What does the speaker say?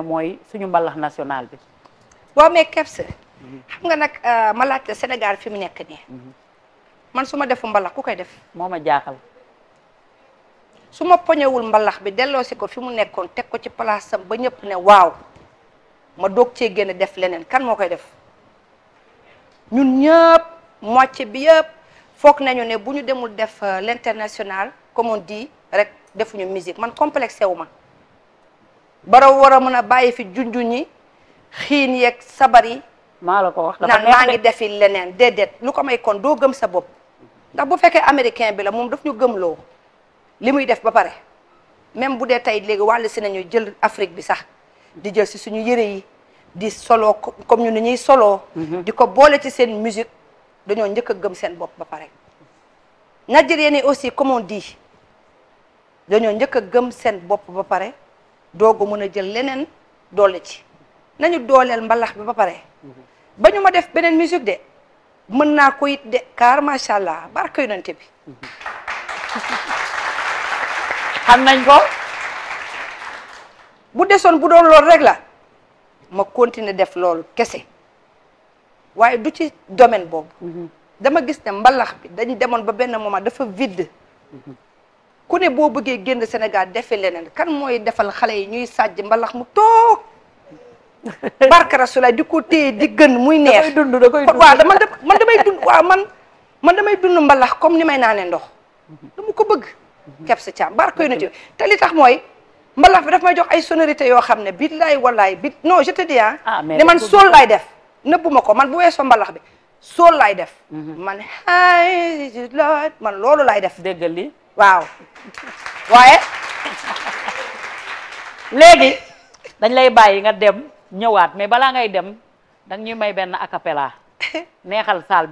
mooy suñu mbalax national bi boo mee kebs xam nga nag euh, ma laajte Sénégal fi mu nekk nii mhm. man su ma defu mbalax ku koy def moo ma jaaxal su ma mbalax bi delloosi ko fi mu nekkoon teg ko ci palaasam ba ñëpp ne waaw ma doog cee génn def leneen kan moo koy def ñun ñëpp moitié bi yëpp foog nañu ne bu ñu demul def euh, l'international common on rek defuñu musique man complexé wu ma bara war a mën a bàyyi fi juñ yi xiin yeeg sabar yi maa la ko wax naan maa ngi defi leneen déedéet lu ko may kon doo gëm sa bopp ndax bu fekkee américain bi la moom daf ñu gëmloo li muy def ba pare même bu dee tey léegi wàll si nañu jël Afrique bi sax di jël si suñu yëre yi di solo comme ñu ni ñuy soloo mhm. di ko boole ci seen musique dañoo njëkk gëm seen bopp ba pare nigériens yi aussi comme on dit dañoo njëkk a gëm seen bopp ba pare doog a mën a jël leneen doole ci nañu dooleel mbalax bi ba pare ba ñu ma def beneen musique de mën naa ko it de car macha allah barka yonent bi xam nañ ko bu desoon bu doon loolu rek la ma continuer def loolu kese waaye du ci domaine boobu mhm. dama gis ne mbalax bi dañ demoon ba benn moment dafa vide mhm. ku ne boo bëggee génn Sénégal defe leneen kan mooy defal xale yi ñuy sàjj mbalax mu toog barka rasulaay di ko téye di gën muy neex dund da koy dund waaw man man damay dund waaw man man damay dund mbalax comme ni may naanee ndox mhm. dama ko bëgg mhm. kep sa caam barka yonent bi te li tax mooy mbalax bi daf may jox ay sonorité yoo xam ne billaay wallaay bi non je te dis ah ne man sool laay def nëbbuma ko man bu weesoo mbalax bi sool laay def mhm. man ay Lord man loolu laay def déggal li waaw waaye léegi dañ lay bàyyi nga dem ñëwaat mais balaa ngay dem danga ñuy may benn acapella neexal saal